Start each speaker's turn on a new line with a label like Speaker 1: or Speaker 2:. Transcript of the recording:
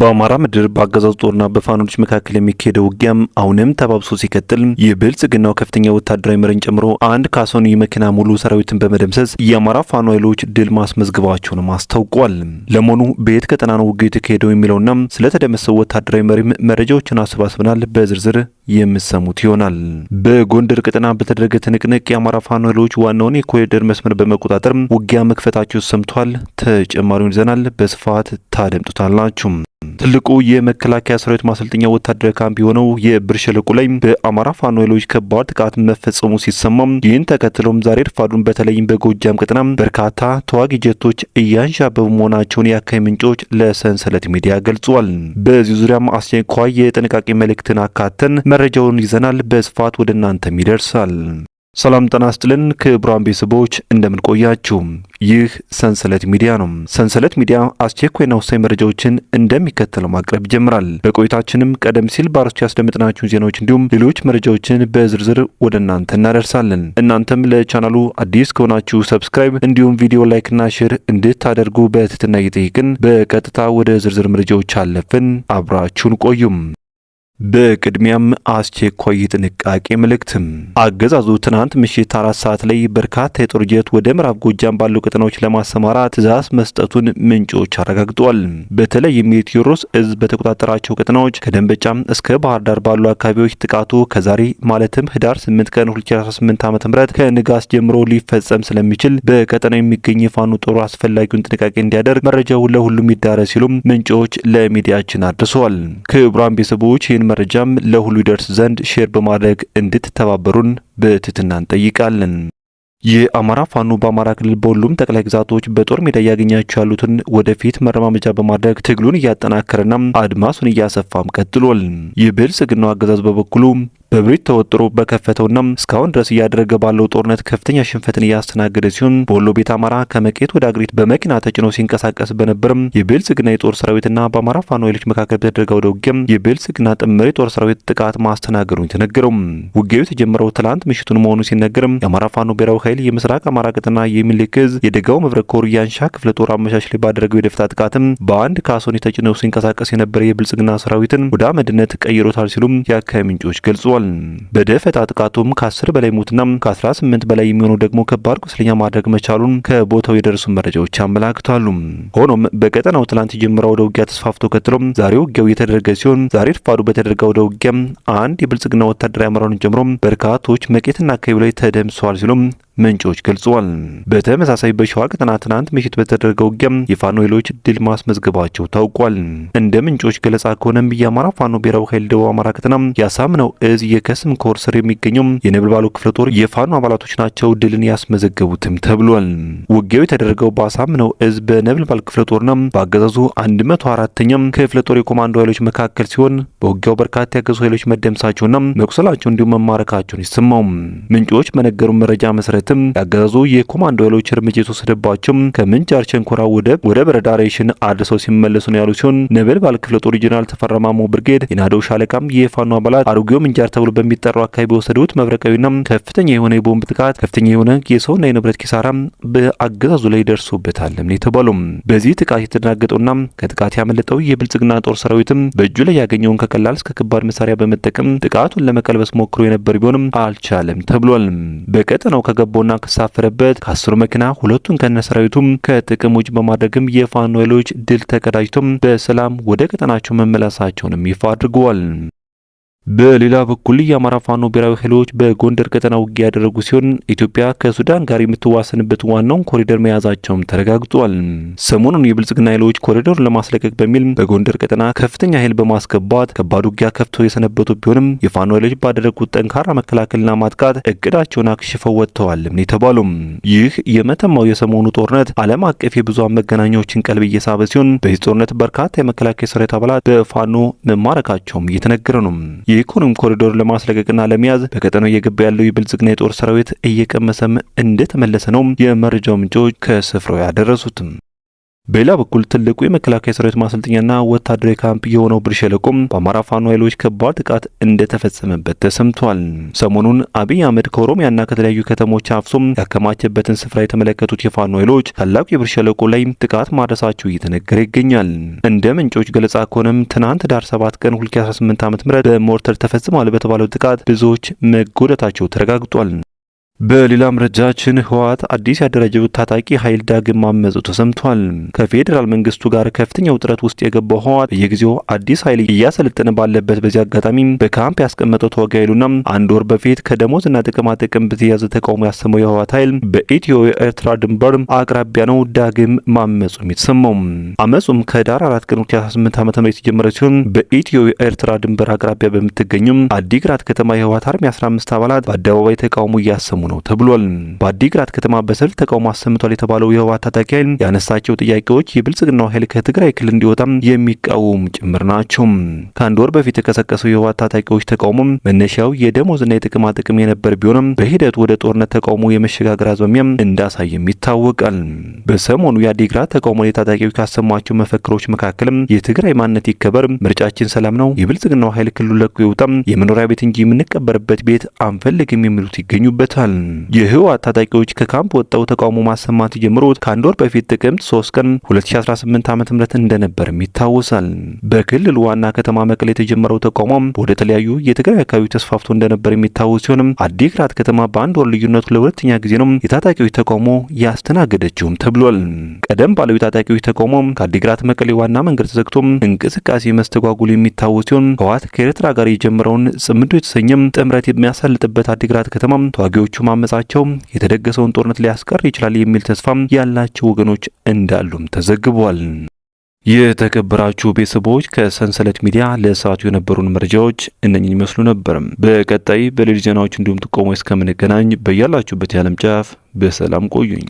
Speaker 1: በአማራ ምድር በአገዛዙ ጦርና በፋኖች መካከል የሚካሄደው ውጊያም አሁንም ተባብሶ ሲቀጥል የብልጽግናው ከፍተኛ ወታደራዊ መሪን ጨምሮ አንድ ካሶኒ መኪና ሙሉ ሰራዊትን በመደምሰስ የአማራ ፋኖ ኃይሎች ድል ማስመዝግባቸውንም አስታውቋል። ለመሆኑ በየት ቀጠና ነው ውጊያው የተካሄደው የሚለውና ስለተደመሰው ወታደራዊ መሪም መረጃዎችን አሰባስበናል በዝርዝር የምሰሙት ይሆናል። በጎንደር ቀጠና በተደረገ ትንቅንቅ የአማራ ፋኖሎች ዋናውን የኮሪደር መስመር በመቆጣጠር ውጊያ መክፈታቸው ሰምቷል። ተጨማሪውን ይዘናል፣ በስፋት ታደምጡታላችሁ። ትልቁ የመከላከያ ሰራዊት ማሰልጠኛ ወታደራዊ ካምፕ የሆነው የብር ሸለቆ ላይ በአማራ ፋኖ ኃይሎች ከባድ ጥቃት መፈጸሙ ሲሰማም ይህን ተከትሎም ዛሬ እርፋዱን በተለይም በጎጃም ቀጠና በርካታ ተዋጊ ጀቶች እያንዣበቡ መሆናቸውን የአካባቢ ምንጮች ለሰንሰለት ሚዲያ ገልጿል። በዚህ ዙሪያም አስቸኳይ የጥንቃቄ መልእክትን አካተን መረጃውን ይዘናል። በስፋት ወደ እናንተም ይደርሳል። ሰላም ጤና ይስጥልን ክቡራን ቤተሰቦች እንደምን ቆያችሁ? ይህ ሰንሰለት ሚዲያ ነው። ሰንሰለት ሚዲያ አስቸኳይና ወሳኝ መረጃዎችን እንደሚከተለው ማቅረብ ይጀምራል። በቆይታችንም ቀደም ሲል በአርዕስቱ ያስደመጥናችሁን ዜናዎች እንዲሁም ሌሎች መረጃዎችን በዝርዝር ወደ እናንተ እናደርሳለን። እናንተም ለቻናሉ አዲስ ከሆናችሁ ሰብስክራይብ፣ እንዲሁም ቪዲዮ ላይክና ሼር እንድታደርጉ በትህትና እየጠየቅን በቀጥታ ወደ ዝርዝር መረጃዎች አለፍን። አብራችሁን ቆዩም በቅድሚያም አስቸኳይ ጥንቃቄ መልእክትም አገዛዙ ትናንት ምሽት አራት ሰዓት ላይ በርካታ የጦር ጀት ወደ ምዕራብ ጎጃም ባሉ ቀጠናዎች ለማሰማራ ትእዛዝ መስጠቱን ምንጮች አረጋግጠዋል። በተለይም የቴዎድሮስ እዝ በተቆጣጠራቸው ቀጠናዎች ከደንበጫም እስከ ባህር ዳር ባሉ አካባቢዎች ጥቃቱ ከዛሬ ማለትም ህዳር 8 ቀን 2018 ዓ ም ከንጋስ ጀምሮ ሊፈጸም ስለሚችል በቀጠናው የሚገኝ የፋኑ ጦሩ አስፈላጊውን ጥንቃቄ እንዲያደርግ መረጃው ለሁሉም ይዳረስ ሲሉም ምንጮች ለሚዲያችን አድርሰዋል። ክቡራን ቤተሰቦች ይህን መረጃም ለሁሉ ይደርስ ዘንድ ሼር በማድረግ እንድትተባበሩን በትህትና እንጠይቃለን። የአማራ ፋኖ በአማራ ክልል በሁሉም ጠቅላይ ግዛቶች በጦር ሜዳ እያገኛቸው ያሉትን ወደፊት መረማመጃ በማድረግ ትግሉን እያጠናከረና አድማሱን እያሰፋም ቀጥሏል። የብልጽግናው አገዛዝ በበኩሉ በብሪት ተወጥሮ በከፈተውና እስካሁን ድረስ እያደረገ ባለው ጦርነት ከፍተኛ ሽንፈትን እያስተናገደ ሲሆን በወሎ ቤት አማራ ከመቄት ወደ አግሪት በመኪና ተጭኖ ሲንቀሳቀስ በነበርም የብልጽግና የጦር ሰራዊትና በአማራ ፋኖ ኃይሎች መካከል በተደረገው ውጊያም የብልጽግና ጥምር የጦር ሰራዊት ጥቃት ማስተናገዱን ተነገረው። ውጊያው የተጀመረው ትላንት ምሽቱን መሆኑ ሲነገርም የአማራ ፋኖ ብሔራዊ ኃይል የምስራቅ አማራ ቀጠና የሚልክዝ የደጋው መብረቅ ኮር የአንሻ ክፍለ ጦር አመሻሽ ላይ ባደረገው የደፍታ ጥቃትም በአንድ ካሶኒ ተጭነው ሲንቀሳቀስ የነበረ የብልጽግና ሰራዊትን ወደ አመድነት ቀይሮታል ሲሉም የአካባቢ ምንጮች ገልጸዋል። ተገኝቷል። በደፈጣ ጥቃቱም ከ10 በላይ ሞትና ከ18 በላይ የሚሆኑ ደግሞ ከባድ ቁስለኛ ማድረግ መቻሉን ከቦታው የደረሱ መረጃዎች አመላክታሉ። ሆኖም በቀጠናው ትላንት የጀመረው ወደ ውጊያ ተስፋፍቶ ከትሎም ዛሬ ውጊያው የተደረገ ሲሆን ዛሬ ረፋዱ በተደረገው ወደ ውጊያ አንድ የብልጽግና ወታደራዊ አመራሩን ጀምሮ በርካቶች መቄትና አካባቢ ላይ ተደምሰዋል ሲሉም ምንጮች ገልጸዋል። በተመሳሳይ በሸዋ ቀጠና ትናንት ምሽት በተደረገ ውጊያ የፋኖ ኃይሎች ድል ማስመዝገባቸው ታውቋል። እንደ ምንጮች ገለጻ ከሆነም የአማራ ፋኖ ብሔራዊ ኃይል ደቡብ አማራ ቀጠና ያሳምነው እዝ የከስም ኮር ስር የሚገኘው የነበልባሉ ክፍለ ጦር የፋኖ አባላቶች ናቸው ድልን ያስመዘገቡትም ተብሏል። ውጊያው የተደረገው በአሳምነው እዝ በነበልባል ክፍለ ጦርና በአገዛዙ 104ኛም ክፍለ ጦር የኮማንዶ ኃይሎች መካከል ሲሆን በውጊያው በርካታ ያገዙ ኃይሎች መደምሳቸውና መቁሰላቸው እንዲሁም መማረካቸውን ይሰማው ምንጮች በነገሩ መረጃ መሰረትም ያገዛዙ የኮማንዶ ኃይሎች እርምጃ የተወሰደባቸው ከምንጃር ሸንኮራ ወደ ወደ በረዳ ሬሽን አድርሰው ሲመለሱ ነው ያሉ ሲሆን ነበልባል ክፍለ ጦር ሪጂናል ተፈራማሞ ብርጌድ የናደው ሻለቃም የፋኖ አባላት አሮጌው ምንጃር ተብሎ በሚጠራው አካባቢ በወሰዱት መብረቃዊና ከፍተኛ የሆነ የቦምብ ጥቃት ከፍተኛ የሆነ የሰውና የንብረት ኪሳራ በአገዛዙ ላይ ደርሶበታል የተባሉ በዚህ ጥቃት የተደናገጠውና ከጥቃት ያመለጠው የብልጽግና ጦር ሰራዊትም በእጁ ላይ ያገኘውን ከቀላል እስከ ከባድ መሳሪያ በመጠቀም ጥቃቱን ለመቀልበስ ሞክሮ የነበር ቢሆንም አልቻለም ተብሏል። በቀጠናው ከገባውና ከሳፈረበት ከአስሩ መኪና ሁለቱን ከነ ሰራዊቱም ከጥቅም ውጭ በማድረግም የፋኖ ኃይሎች ድል ተቀዳጅቶም በሰላም ወደ ቀጠናቸው መመለሳቸውንም ይፋ አድርገዋል። በሌላ በኩል የአማራ ፋኖ ብሔራዊ ኃይሎች በጎንደር ቀጠና ውጊያ ያደረጉ ሲሆን ኢትዮጵያ ከሱዳን ጋር የምትዋሰንበት ዋናውን ኮሪደር መያዛቸውም ተረጋግጧል። ሰሞኑን የብልጽግና ኃይሎች ኮሪደሩን ለማስለቀቅ በሚል በጎንደር ቀጠና ከፍተኛ ኃይል በማስገባት ከባድ ውጊያ ከፍተው የሰነበቱ ቢሆንም የፋኖ ኃይሎች ባደረጉት ጠንካራ መከላከልና ማጥቃት እቅዳቸውን አክሽፈው ወጥተዋልም የተባሉም። ይህ የመተማው የሰሞኑ ጦርነት ዓለም አቀፍ የብዙሃን መገናኛዎችን ቀልብ እየሳበ ሲሆን በዚህ ጦርነት በርካታ የመከላከያ ሰራዊት አባላት በፋኖ መማረካቸውም እየተነገረ ነው። የኢኮኖሚ ኮሪዶር ለማስለቀቅና ለመያዝ በቀጠናው እየገባ ያለው የብልጽግና የጦር ሰራዊት እየቀመሰም እንደተመለሰ ነው የመረጃው ምንጮች ከስፍራው ያደረሱትም። በሌላ በኩል ትልቁ የመከላከያ ሰራዊት ማሰልጠኛና ወታደራዊ ካምፕ የሆነው ብር ሸለቆም በአማራ ፋኖ ኃይሎች ከባድ ጥቃት እንደተፈጸመበት ተሰምቷል። ሰሞኑን አብይ አህመድ ከኦሮሚያና ከተለያዩ ከተሞች አፍሶም ያከማቸበትን ስፍራ የተመለከቱት የፋኖ ኃይሎች ታላቁ የብር ሸለቆ ላይ ጥቃት ማድረሳቸው እየተነገረ ይገኛል። እንደ ምንጮች ገለጻ ከሆነም ትናንት ዳር 7 ቀን 2018 ዓ ም በሞርተር ተፈጽሟል በተባለው ጥቃት ብዙዎች መጎዳታቸው ተረጋግጧል። በሌላ መረጃችን ህወሓት አዲስ ያደረጀው ታጣቂ ኃይል ዳግም ማመፁ ተሰምቷል። ከፌዴራል መንግስቱ ጋር ከፍተኛ ውጥረት ውስጥ የገባው ህወሓት በየጊዜው አዲስ ኃይል እያሰለጠነ ባለበት በዚህ አጋጣሚ በካምፕ ያስቀመጠው ተዋጊ ኃይሉና አንድ ወር በፊት ከደሞዝና ጥቅማ ጥቅም በተያዘ ተቃውሞ ያሰመው የህወሓት ኃይል በኢትዮ ኤርትራ ድንበር አቅራቢያ ነው ዳግም ማመፁም የተሰማው። አመፁም ከዳር አራት ቀን 2018 ዓ ም የተጀመረ ሲሆን በኢትዮ ኤርትራ ድንበር አቅራቢያ በምትገኙም አዲግራት ከተማ የህወሓት አርሚ 15 አባላት በአደባባይ ተቃውሞ እያሰሙ ነው ተብሏል። በአዲግራት ከተማ በሰልፍ ተቃውሞ አሰምቷል የተባለው የህወሓት ታጣቂ ኃይል ያነሳቸው ጥያቄዎች የብልጽግናው ኃይል ከትግራይ ክልል እንዲወጣም የሚቃወሙ ጭምር ናቸው። ከአንድ ወር በፊት የቀሰቀሰው የህወሓት ታጣቂዎች ተቃውሞ መነሻው የደሞዝና የጥቅማ ጥቅም የነበር ቢሆንም በሂደቱ ወደ ጦርነት ተቃውሞ የመሸጋገር አዝማሚያም እንዳሳየም ይታወቃል። በሰሞኑ የአዲግራት ተቃውሞ የታጣቂዎች ካሰሟቸው መፈክሮች መካከልም የትግራይ ማንነት ይከበር፣ ምርጫችን ሰላም ነው፣ የብልጽግናው ኃይል ክልሉ ለቆ ይውጣም፣ የመኖሪያ ቤት እንጂ የምንቀበርበት ቤት አንፈልግም የሚሉት ይገኙበታል። የህወሓት ታጣቂዎች ከካምፕ ወጣው ተቃውሞ ማሰማት ጀምሮት ከአንድ ወር በፊት ጥቅምት 3 ቀን 2018 ዓ.ም እንደነበርም ይታወሳል። በክልል ዋና ከተማ መቀሌ የተጀመረው ተቃውሞም ወደ ተለያዩ የትግራይ አካባቢ ተስፋፍቶ እንደነበር የሚታወስ ሲሆንም አዲግራት ከተማ በአንድ ወር ልዩነቱ ለሁለተኛ ጊዜ ነው የታጣቂዎች ተቃውሞ ያስተናገደችውም ተብሏል። ቀደም ባለው የታጣቂዎች ተቃውሞ ከአዲግራት መቀሌ ዋና መንገድ ተዘግቶም እንቅስቃሴ መስተጓጉል የሚታወስ ሲሆን ህወሓት ከኤርትራ ጋር የጀመረውን ጽምዶ የተሰኘም ጥምረት የሚያሳልጥበት አዲግራት ከተማ ተዋጊዎቹ ማመጻቸው የተደገሰውን ጦርነት ሊያስቀር ይችላል የሚል ተስፋም ያላቸው ወገኖች እንዳሉም ተዘግቧል። የተከበራችሁ ቤተሰቦች ከሰንሰለት ሚዲያ ለሰዓቱ የነበሩን መረጃዎች እነኝን ይመስሉ ነበርም። በቀጣይ በሌሊት ዜናዎች እንዲሁም ጥቆሞ እስከምንገናኝ በያላችሁበት የዓለም ጫፍ በሰላም ቆዩኝ።